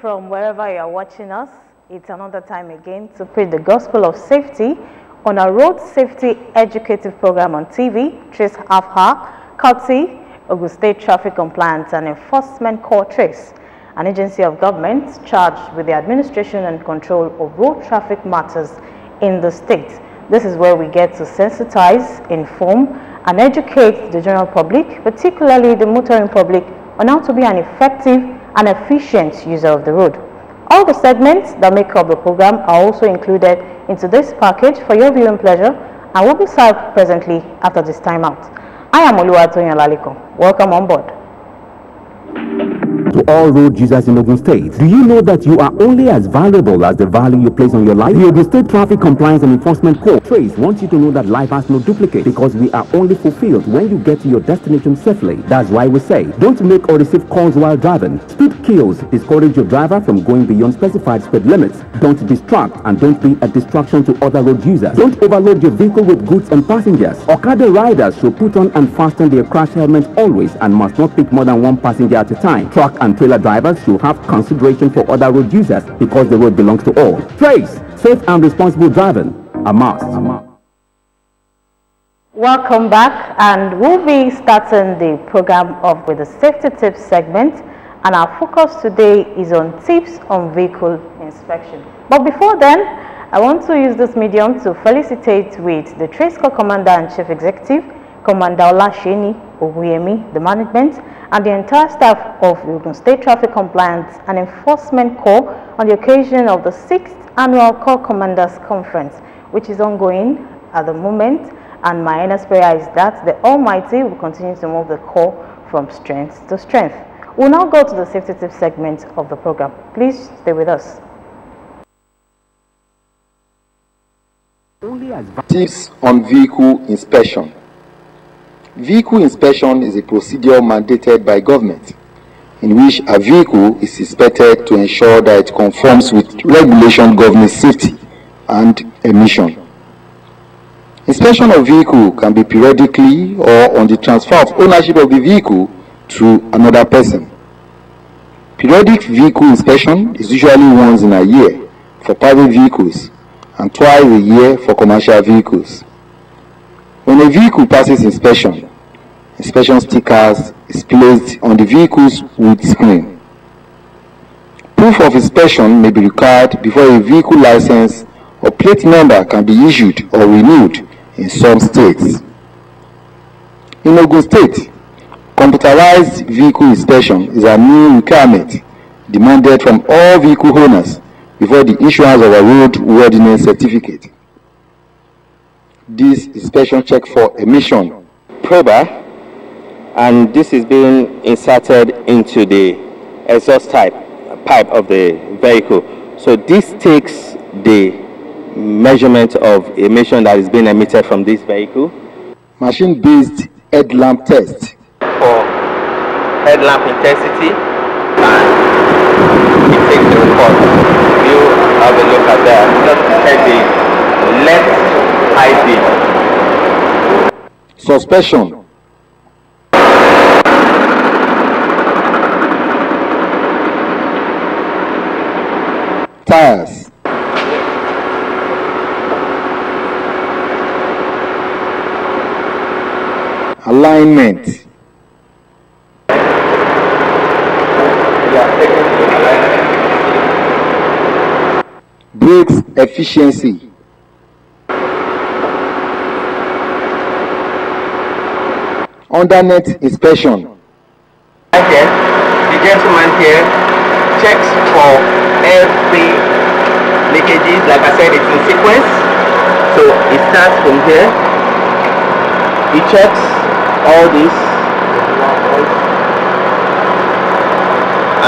from wherever you are watching us. It's another time again to preach the gospel of safety on our road safety educative program on TV, Trace Afha, Kati, Ogun State Traffic Compliance and Enforcement Court, Trace, an agency of government charged with the administration and control of road traffic matters in the state. This is where we get to sensitize, inform, and educate the general public, particularly the motoring public, on how to be an effective and efficient user of the road. All the segments that make up the program are also included into this package for your viewing pleasure and will be served presently after this timeout. I am Oluwatoyin Laliko. Welcome on board. to All Road Jesus in Ogun State. Do you know that you are only as valuable as the value you place on your life? The Ogun State Traffic Compliance and Enforcement Corps Trace wants you to know that life has no duplicate because we are only fulfilled when you get to your destination safely. That's why we say don't make or receive calls while driving. Speed kills discourage your driver from going beyond specified speed limits. Don't distract and don't be a distraction to other road users. Don't overload your vehicle with goods and passengers. Okada riders should put on and fasten their crash helmet always and must not pick more than one passenger at a time. Track and trailer drivers should have consideration for other road users because the road belongs to all. Trace, safe and responsible driving, a must. Welcome back, and we'll be starting the program off with a safety tips segment. And our focus today is on tips on vehicle inspection. But before then, I want to use this medium to felicitate with the Trace Corps Commander and Chief Executive, Commander Olasheni Oguyemi, the management, and the entire staff of Ogun State Traffic Compliance and Enforcement Corps on the occasion of the 6th Annual Corps Commanders Conference, which is ongoing at the moment, and my earnest prayer is that the Almighty will continue to move the Corps from strength to strength. We'll now go to the safety tip segment of the program. Please stay with us. Only as tips on vehicle inspection. Vehicle inspection is a procedure mandated by government in which a vehicle is inspected to ensure that it conforms with regulation governing safety and emission. Inspection of vehicle can be periodically or on the transfer of ownership of the vehicle to another person. Periodic vehicle inspection is usually once in a year for private vehicles and twice a year for commercial vehicles. When a vehicle passes inspection, inspection stickers is placed on the vehicle's wood screen. Proof of inspection may be required before a vehicle license or plate number can be issued or renewed in some states. In Ogun State, computerized vehicle inspection is a new requirement demanded from all vehicle owners before the issuance of a road worthiness certificate this inspection check for emission prober and this is being inserted into the exhaust type pipe of the vehicle so this takes the measurement of emission that is being emitted from this vehicle machine based headlamp test for headlamp intensity and it takes the report you have a look at that just check the left ID. Suspension. Tires. Alignment. Brakes efficiency. internet inspection. Okay, the gentleman here checks for every leakages. Like I said, it's in sequence. So it starts from here. He checks all this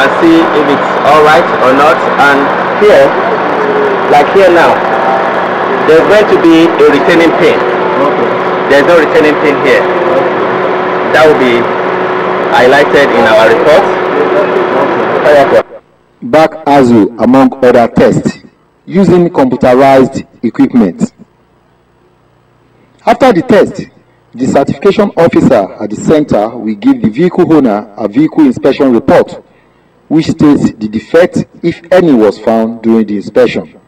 and see if it's alright or not. And here, like here now, there's going to be a retaining pin. Okay. There's no retaining pin here that will be highlighted in our report. Back ASU among other tests using computerized equipment. After the test, the certification officer at the center will give the vehicle owner a vehicle inspection report which states the defect if any was found during the inspection.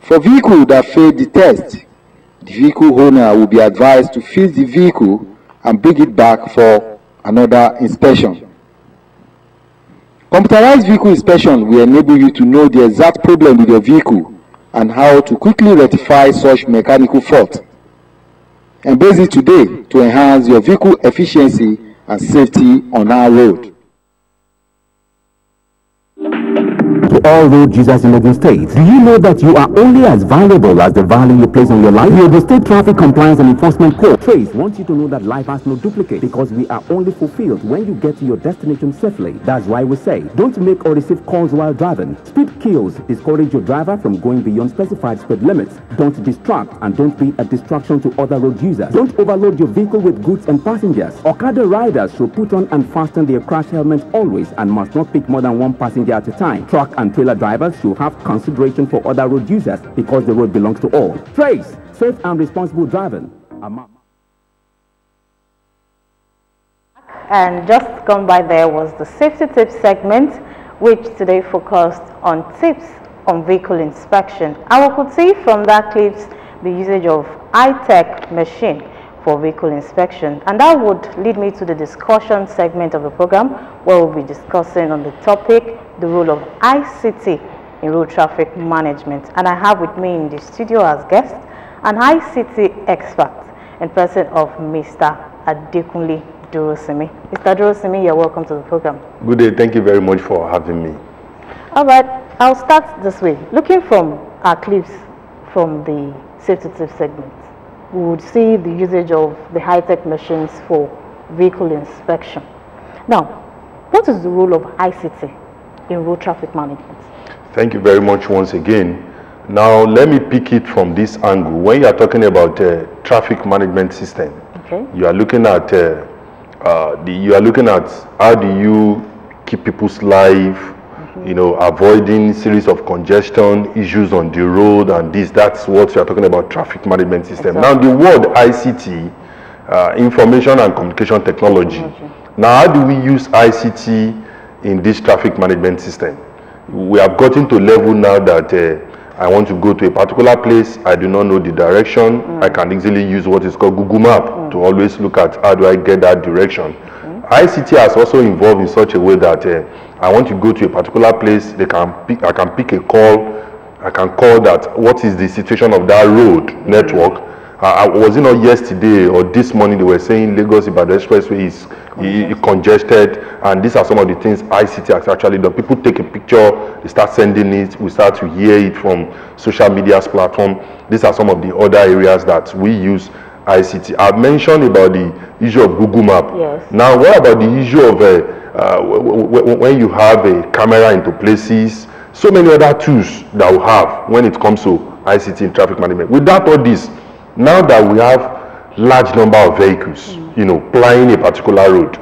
For vehicle that failed the test, the vehicle owner will be advised to fix the vehicle and bring it back for another inspection. Computerized vehicle inspection will enable you to know the exact problem with your vehicle and how to quickly rectify such mechanical fault. Embrace it today to enhance your vehicle efficiency and safety on our road. road, Jesus in Ogun State. Do you know that you are only as valuable as the value you place on your life? The Ogun State Traffic Compliance and Enforcement Court Trace wants you to know that life has no duplicate because we are only fulfilled when you get to your destination safely. That's why we say, don't make or receive calls while driving. Speed kills. Discourage your driver from going beyond specified speed limits. Don't distract and don't be a distraction to other road users. Don't overload your vehicle with goods and passengers. Okada riders should put on and fasten their crash helmets always and must not pick more than one passenger at a time. Truck and trailer drivers should have consideration for other road users because the road belongs to all. Trace, safe and responsible driving. And just gone by there was the safety tips segment, which today focused on tips on vehicle inspection. And we could see from that clips the usage of i tech machine for vehicle inspection. And that would lead me to the discussion segment of the program where we'll be discussing on the topic, the role of ICT in road traffic management. And I have with me in the studio as guest an ICT expert in person of Mr. Adekunle Durosimi. Mr. Durosimi, you're welcome to the program. Good day. Thank you very much for having me. All right. I'll start this way. Looking from our clips from the safety tip segment, we would see the usage of the high-tech machines for vehicle inspection. Now, what is the role of ICT in road traffic management? Thank you very much once again. Now, let me pick it from this angle. When you are talking about uh, traffic management system, okay. you are looking at uh, uh, the, you are looking at how do you keep people's life you know, avoiding series of congestion issues on the road and this. That's what we are talking about traffic management system. Exactly. Now, the word ICT, uh, information and communication technology. technology. Now, how do we use ICT in this traffic management system? We have gotten to level now that uh, I want to go to a particular place. I do not know the direction. Mm. I can easily use what is called Google Map mm. to always look at how do I get that direction. Mm. ICT has also evolved in such a way that uh, I want to go to a particular place. They can pick, I can pick a call. I can call that. What is the situation of that road network? Mm-hmm. Uh, uh, was it not yesterday or this morning they were saying Lagos Ibadan Expressway is congested. congested and these are some of the things ICT has actually done. People take a picture, they start sending it, we start to hear it from social media's platform. These are some of the other areas that we use ICT. I've mentioned about the issue of Google Map. Yes. Now what about the issue of uh, uh, when you have a camera into places, so many other tools that we have when it comes to ICT and traffic management. Without all this, now that we have large number of vehicles, mm you know, plying a particular road,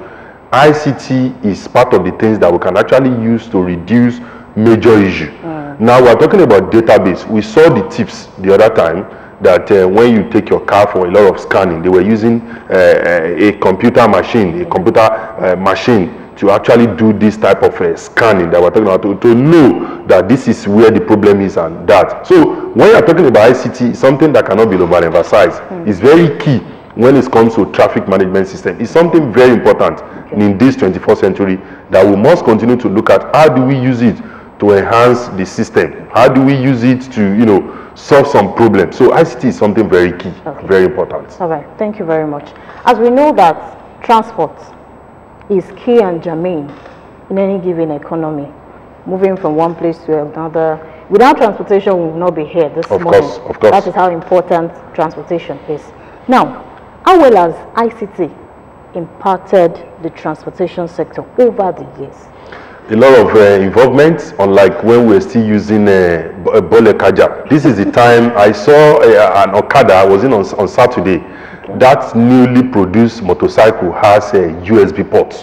ICT is part of the things that we can actually use to reduce major issue. Mm. Now we're talking about database. We saw the tips the other time that uh, when you take your car for a lot of scanning, they were using uh, uh a computer machine, a computer uh, machine to actually do this type of uh, scanning that we're talking about to, to, know that this is where the problem is and that. So when you're talking about ICT, something that cannot be overemphasized mm. is very key when it comes to traffic management system. It's something very important okay. in this 21st century that we must continue to look at how do we use it to enhance the system? How do we use it to, you know, solve some problems? So ICT is something very key, okay. very important. All right. Thank you very much. As we know that transport is key and germane in any given economy. Moving from one place to another, without transportation, we would not be here this of morning. Course, of course. That is how important transportation is. Now, how well has ICT impacted the transportation sector over the years? a lot of uh, involvement, unlike when we were are still using uh, Bole Kaja. This is the time I saw uh, an Okada, I was in on, on Saturday, that newly produced motorcycle has a USB port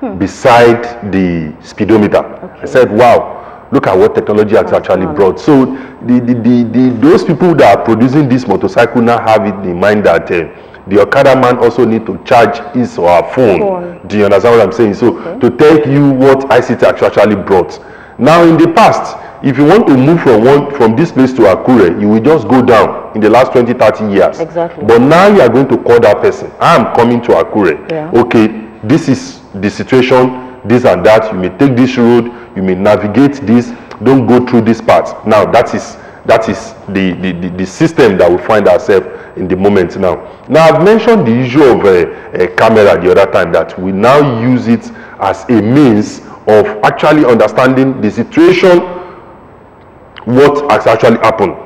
hmm. beside the speedometer. Okay. I said, wow, look at what technology has That's actually fun. brought. So the, the, the, the, those people that are producing this motorcycle now have it in mind that uh, the Okada man also need to charge his or her phone. phone. Do you understand what I'm saying? So okay. to tell you what ICT actually brought. Now in the past, if you want to move from one from this place to Akure, you will just go down in the last 20, 30 years. Exactly. But now you are going to call that person. I am coming to Akure. Yeah. Okay, this is the situation, this and that. You may take this road, you may navigate this, don't go through this part. Now that is that is the, the, the, the system that we find ourselves in the moment now. Now, I've mentioned the issue of a, eh, a eh, camera the other time that we now use it as a means of actually understanding the situation, what has actually happened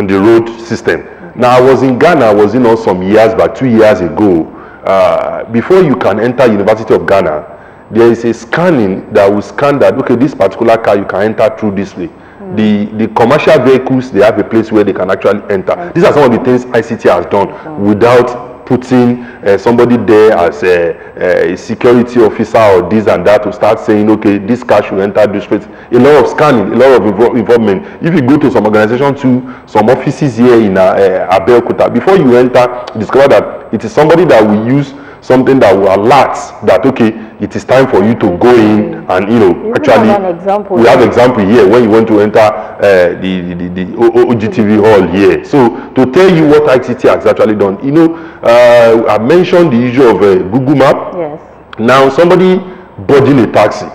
on the road system. Now, I was in Ghana, I was you know, some years back, two years ago. Uh, before you can enter University of Ghana, there is a scanning that will scan that, okay, this particular car, you can enter through this way. Hmm. The, the commercial vehicles, they have a place where they can actually enter. These are some of the things ICT has done without putting uh, somebody there as a, eh, a security officer or this and that to start saying okay this car should enter this street a lot of scanning a lot of involvement if you go to some organization to some offices here in uh, uh, abeokuta before you enter discover that it is somebody that will use something that will alert that okay it is time for you to go in and you know you actually have we have example here when you want to enter uh, the, the, the, the OGTV hall here so to tell you what ICT has actually done you know uh, I mentioned the issue of uh, Google map yes now somebody boarding a taxi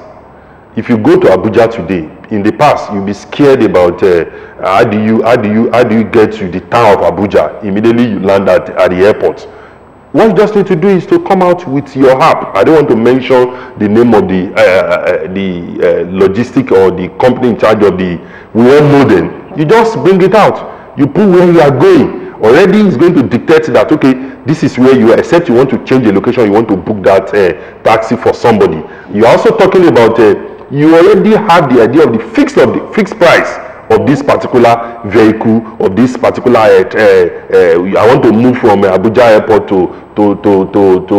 if you go to Abuja today in the past you'll be scared about uh, how do you how do you how do you get to the town of Abuja immediately you land at, at the airport what you just need to do is to come out with your app. I don't want to mention the name of the uh, uh, uh the uh, logistic or the company in charge of the. We all know them. You just bring it out. You put where you are going. Already, it's going to dictate that okay, this is where you are. Except you want to change the location, you want to book that uh, taxi for somebody. You are also talking about uh, you already have the idea of the fixed of the fixed price of this particular vehicle of this particular uh, uh, i want to move from abuja airport to to, to, to, to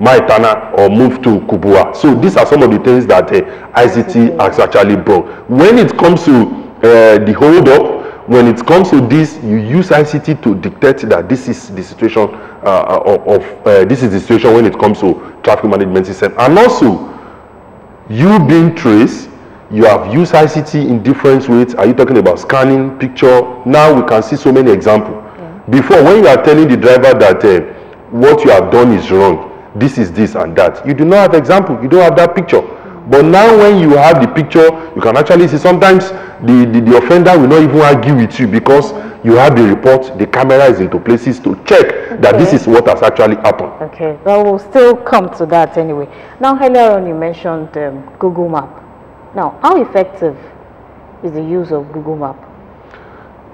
Maitana or move to Kubua. So these are some of the things that uh, ICT has actually brought. When it comes to uh, the hold up, when it comes to this, you use ICT to dictate that this is the situation uh, of, uh, this is the situation when it comes to traffic management system. And also, you being traced, you have used ICT in different ways. Are you talking about scanning, picture? Now we can see so many examples. Yeah. Before, when you are telling the driver that uh, what you have done is wrong. This is this and that. You do not have example. You don't have that picture. But now when you have the picture, you can actually see sometimes the, the, the offender will not even argue with you because you have the report, the camera is into places to check okay. that this is what has actually happened. Okay, well, we'll still come to that anyway. Now, earlier on, you mentioned um, Google Map. Now, how effective is the use of Google Map?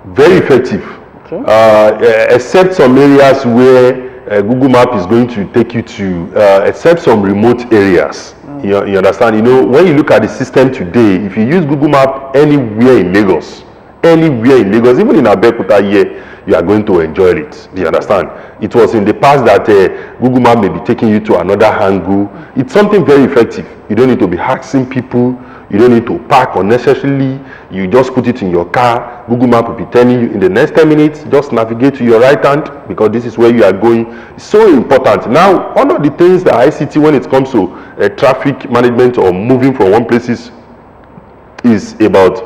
Very effective. Okay. Uh, except some areas where uh, Google Map is going to take you to, uh, except some remote areas. Mm. You, you, understand? You know, when you look at the system today, if you use Google Map anywhere in Lagos, anywhere in Lagos, even in Abeokuta here, you are going to enjoy it. Do you understand? It was in the past that uh, Google Map may be taking you to another angle. It's something very effective. You don't need to be asking people you don't need to park unnecessarily. You just put it in your car. Google Map will be telling you in the next 10 minutes, just navigate to your right hand because this is where you are going. It's so important. Now, one of the things that ICT, when it comes to uh, traffic management or moving from one places, is about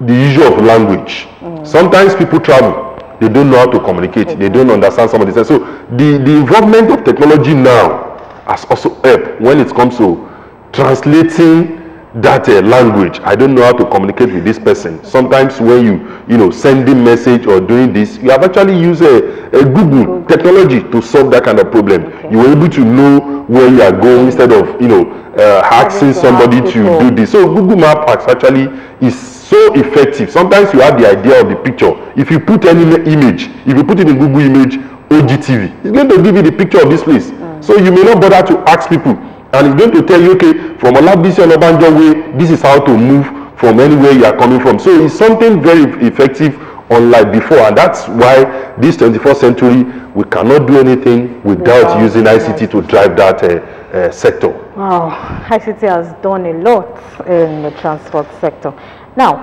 the issue of language. Mm. Sometimes people travel. They don't know how to communicate. Okay. They mm-hmm. don't understand some So the, the involvement of technology now has also helped when it comes to translating that uh, language i don't know how to communicate with this person sometimes when you you know sending message or doing this you have actually used a, a google, google technology to solve that kind of problem okay. you were able to know where you are going instead of you know uh, asking somebody to do this so google map actually is so effective sometimes you have the idea of the picture if you put any image if you put it in google image ogtv it's going to give you the picture of this place mm. so you may not bother to ask people and it's going to tell you okay from olabisi onabanjo way this is how to move from anywhere you are coming from so it's something very effective unlike before and that's why this 21st century we cannot do anything without wow. using ict to drive that uh, uh, sector wow ict has done a lot in the transport sector now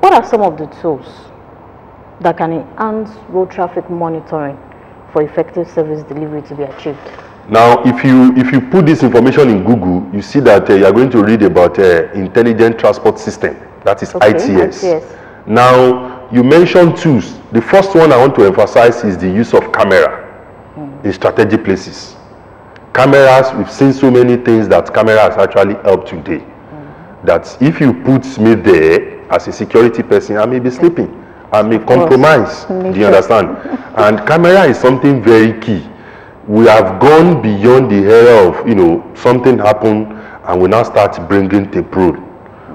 what are some of the tools that can enhance road traffic monitoring for effective service delivery to be achieved now, if you, if you put this information in Google, you see that uh, you are going to read about uh, intelligent transport system. That is okay, ITS. ITS. Now, you mentioned tools. The first one I want to emphasize is the use of camera mm. in strategic places. Cameras, we've seen so many things that cameras actually help today. Mm. That if you put me there as a security person, I may be sleeping. I may compromise. Do you understand? and camera is something very key we have gone beyond the era of you know something happened and we now start bringing tape roll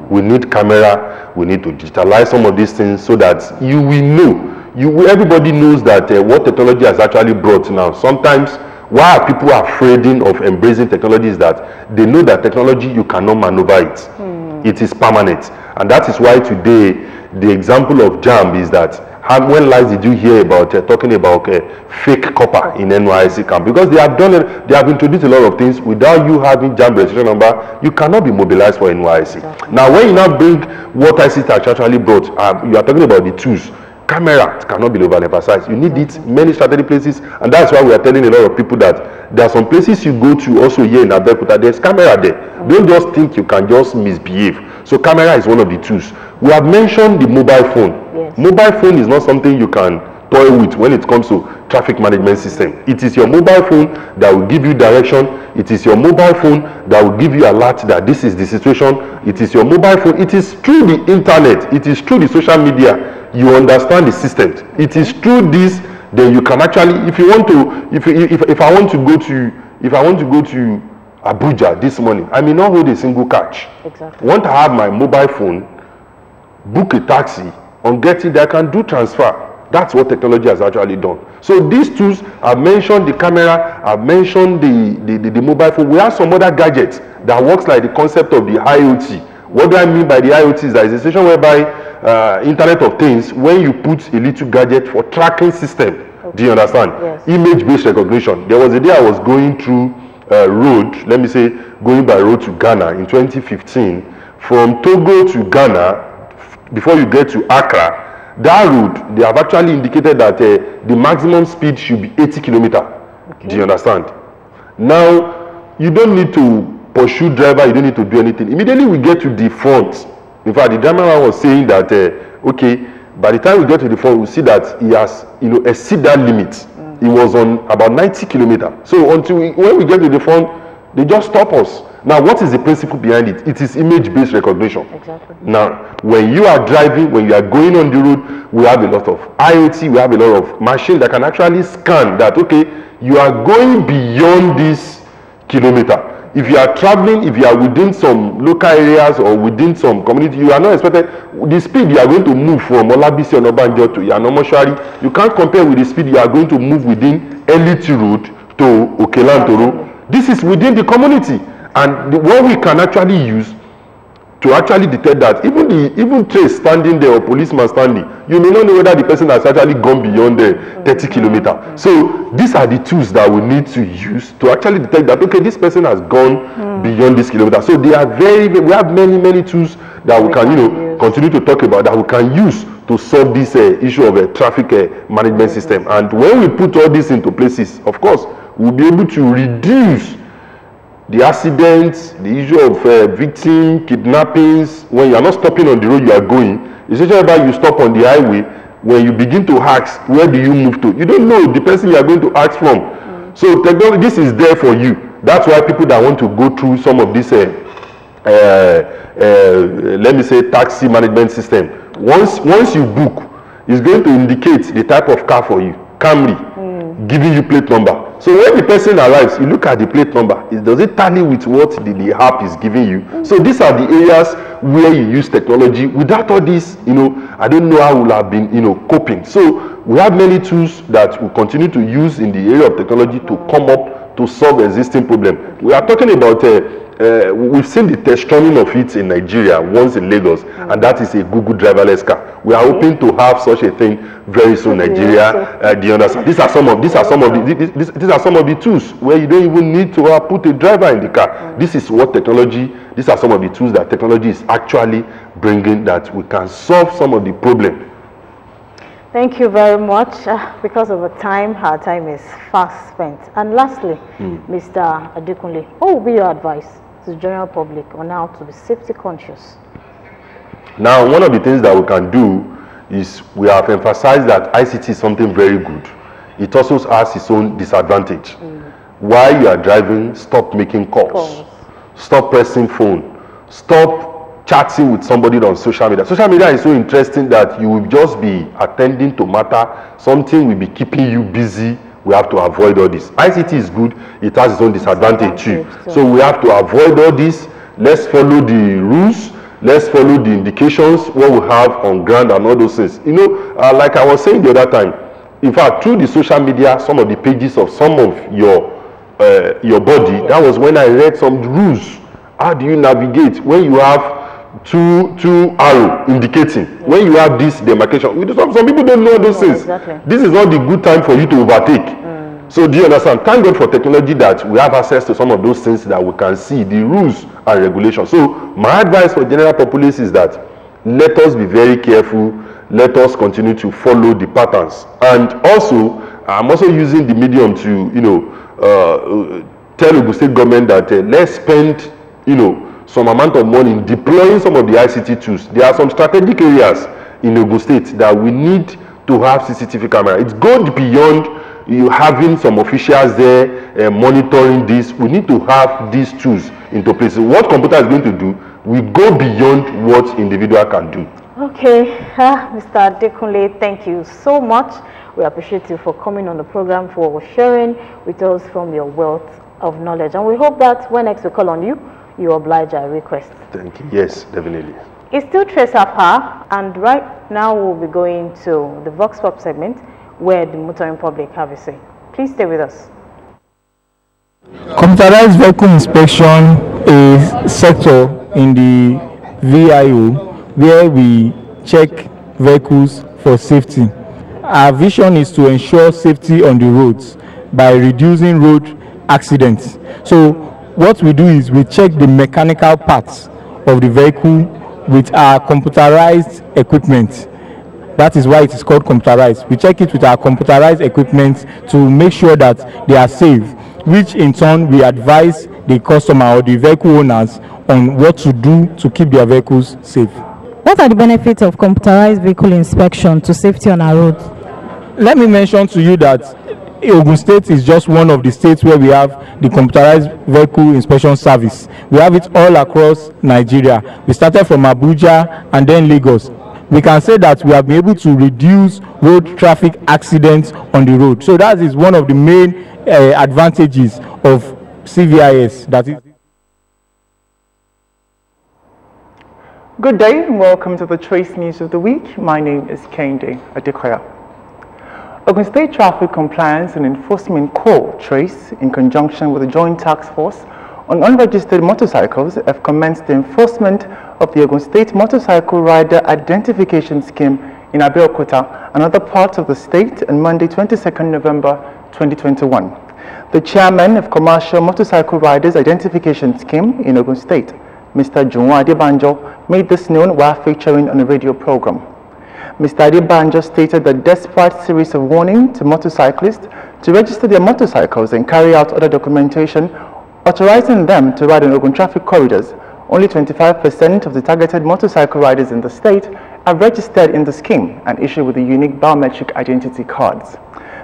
we need camera we need to digitalize some of these things so that you will know you everybody knows that uh, what technology has actually brought now sometimes why are people afraid of embracing technologies that they know that technology you cannot maneuver it mm. it is permanent and that is why today the example of jam is that How, when last did you hear about uh, talking about uh, fake copper in NYC camp? Because they have done it, they have introduced a lot of things without you having jam registration number. You cannot be mobilized for NYC. Exactly. Now, when you now bring what I see, ICT actually brought, um, you are talking about the tools camera cannot be overemphasized you need it many strategic places and that's why we are telling a lot of people that there are some places you go to also here in abeokuta there's camera there mm don't just think you can just misbehave so camera is one of the tools we have mentioned the mobile phone. Yes. Mobile phone is not something you can toy with when it comes to traffic management system. It is your mobile phone that will give you direction. It is your mobile phone that will give you alert that this is the situation. It is your mobile phone. It is through the internet. It is through the social media. You understand the system. It is through this then you can actually, if you want to, if if if I want to go to, if I want to go to Abuja this morning, I may not hold a single catch. Exactly. Want to have my mobile phone, book a taxi, on getting there, can do transfer. That's what technology has actually done. So these tools, I've mentioned the camera, I've mentioned the, the, the, the mobile phone. We have some other gadgets that works like the concept of the IoT. What do I mean by the IoT is that it's a situation whereby uh, Internet of Things, when you put a little gadget for tracking system, okay. do you understand? Yes. Image-based recognition. There was a day I was going through uh, road, let me say, going by road to Ghana in 2015. From Togo to Ghana, before you get to Accra, that road, they have actually indicated that uh, the maximum speed should be 80 kilometer. Okay. Do you understand? Now, you don't need to pursue driver, you don't need to do anything. Immediately we get to the front. In fact, the driver was saying that, uh, okay, by the time we get to the front, we see that he has, you know, exceeded that limit. Mm. He was on about 90 kilometer. So until we, when we get to the front, they just stop us. Now, what is the principle behind it? It is image based recognition. Exactly. Now, when you are driving, when you are going on the road, we have a lot of IoT, we have a lot of machine that can actually scan that, okay, you are going beyond this kilometer. If you are traveling, if you are within some local areas or within some community, you are not expected the speed you are going to move from Olabisi and to Yanomoshari. You can't compare with the speed you are going to move within Elite Road to Okelan This is within the community. And the, what we can actually use to actually detect that, even the even trace standing there or policeman standing, you may not know whether the person has actually gone beyond the 30 kilometer. Mm-hmm. So these are the tools that we need to use to actually detect that okay, this person has gone mm. beyond this kilometer. So they are very, very we have many many tools that we, we can, can you know use. continue to talk about that we can use to solve this uh, issue of a uh, traffic uh, management mm-hmm. system. And when we put all this into places, of course, we'll be able to reduce the accidents, the issue of uh, victim kidnappings, when you are not stopping on the road you are going, especially about you stop on the highway, when you begin to ask, where do you move to? You don't know the person you are going to ask from. Mm. So technology, this is there for you. That's why people that want to go through some of this, uh, uh, uh, let me say, taxi management system, once once you book, it's going to indicate the type of car for you, Camry giving you plate number so when the person arrives you look at the plate number it does it tally with what the, the app is giving you mm -hmm. so these are the areas where you use technology without all this you know i don't know how we we'll have been you know coping so we have many tools that we continue to use in the area of technology to come up to solve existing problem we are talking about uh, uh, we've seen the testing of it in Nigeria, once in Lagos, mm. and that is a Google driverless car. We are hoping to have such a thing very soon, Nigeria. Uh, do you understand? These are some of these are some of the these, these are some of the tools where you don't even need to uh, put a driver in the car. Mm. This is what technology. These are some of the tools that technology is actually bringing that we can solve some of the problem. Thank you very much. Uh, because of the time, our time is fast spent. And lastly, mm. Mr. Adekunle, what would be your advice to the general public on how to be safety conscious? Now, one of the things that we can do is we have emphasized that ICT is something very good. It also has its own disadvantage. Mm. While you are driving, stop making calls. calls. Stop pressing phone. Stop chatting with somebody on social media. Social media is so interesting that you will just be attending to matter. Something will be keeping you busy we have to avoid all this. ICT is good, it has its own disadvantage too. So we have to avoid all this. Let's follow the rules. Let's follow the indications, what we have on ground and all those things. You know, uh, like I was saying the other time, in fact, through the social media, some of the pages of some of your uh, your body, that was when I read some rules. How do you navigate when you have two two arrow indicating yeah. when you have this demarcation some, some people don't know those yeah, things exactly. this is not the good time for you to overtake mm. so do you understand thank god for technology that we have access to some of those things that we can see the rules and regulations so my advice for general populace is that let us be very careful let us continue to follow the patterns and also i'm also using the medium to you know uh, tell the state government that uh, let's spend you know some amount of money in deploying some of the ICT tools. There are some strategic areas in Ogun State that we need to have CCTV camera. It's going beyond you having some officials there uh, monitoring this. We need to have these tools into place. What computer is going to do we go beyond what individual can do. Okay, uh, ah, Mr. Dekunle, thank you so much. We appreciate you for coming on the program, for sharing with us from your wealth of knowledge. And we hope that when next we call on you, you oblige our request. Thank you. Yes, definitely. It's still Trace Her, and right now we'll be going to the Vox Pop segment where the motoring public have a say. Please stay with us. Computerized vehicle inspection is sector in the VIO where we check vehicles for safety. Our vision is to ensure safety on the roads by reducing road accidents. So what we do is we check the mechanical parts of the vehicle with our computerized equipment that is why it is called computerized we check it with our computerized equipment to make sure that they are safe which in turn we advise the customer or the vehicle owners on what to do to keep their vehicles safe. what are the benefits of computerized vehicle inspection to safety on our roads. let me mention to you that Ogun State is just one of the states where we have the computerized vehicle inspection service. We have it all across Nigeria. We started from Abuja and then Lagos. We can say that we have been able to reduce road traffic accidents on the road. So that is one of the main uh, advantages of CVIS. That is. Good day and welcome to the Choice News of the Week. My name is Kende Adekoya. Ogun State Traffic Compliance and Enforcement Corps, TRACE, in conjunction with the Joint Task Force on Unregistered Motorcycles, have commenced the enforcement of the Ogun State Motorcycle Rider Identification Scheme in Abeokuta and other parts of the state on Monday, 22nd November 2021. The chairman of Commercial Motorcycle Riders Identification Scheme in Ogun State, Mr. Junwa Adebanjo, made this known while featuring on a radio program. Mr. Adebanjo stated that despite series of warnings to motorcyclists to register their motorcycles and carry out other documentation, authorizing them to ride in open traffic corridors, only 25% of the targeted motorcycle riders in the state are registered in the scheme and issued with the unique biometric identity cards.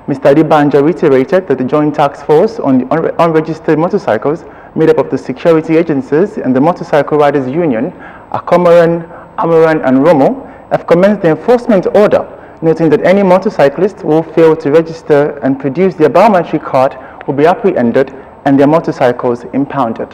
Mr. Adibanja reiterated that the Joint Task Force on the unre Unregistered Motorcycles, made up of the security agencies and the Motorcycle Riders Union, Akomaran, Amaran and Romo, have commenced the enforcement order, noting that any motorcyclist who fail to register and produce their biometric card will be apprehended and their motorcycles impounded.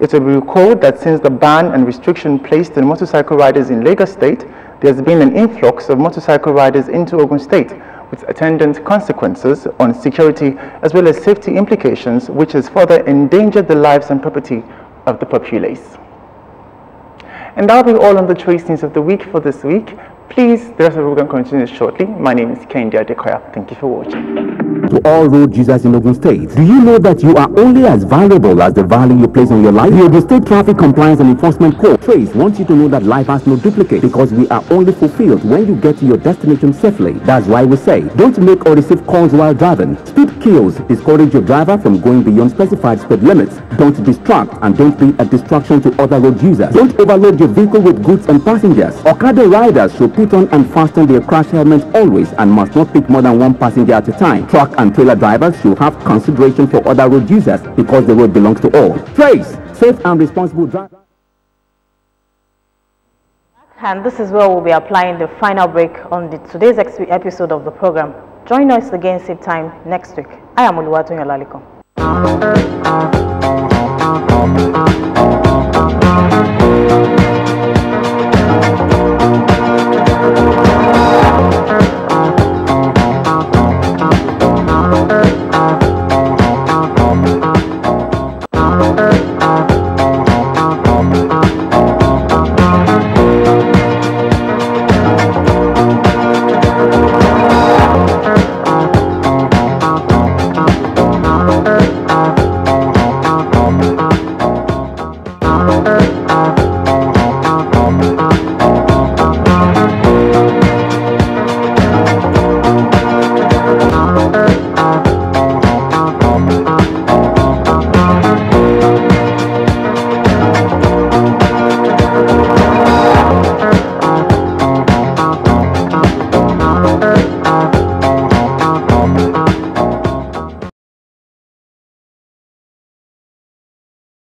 It will be recalled that since the ban and restriction placed on motorcycle riders in Lagos State, there's been an influx of motorcycle riders into Ogun State, with attendant consequences on security as well as safety implications, which has further endangered the lives and property of the populace. And that'll be all on the choice news of the week for this week. Please, the rest of the program continues shortly. My name is Kendi Adekoya. Thank you for watching. To all road users in Ogun State, do you know that you are only as valuable as the value you place on your life? The Ogun State Traffic Compliance and Enforcement Corps, TRACE, wants you to know that life has no duplicate because we are only fulfilled when you get to your destination safely. That's why we say, don't make or receive calls while driving. Speed kills discourage your driver from going beyond specified speed limits. Don't distract and don't be a distraction to other road users. Don't overload your vehicle with goods and passengers. Okada riders should put on and fasten their crash helmets always and must not pick more than one passenger at a time. Truck and trailer drivers should have consideration for other road users because the road belongs to all. Trace, safe and responsible driving. And this is where we'll be applying the final break on the, today's episode of the program. Join us again same time next week. I am Oluwatun Yalaliko. Thank you.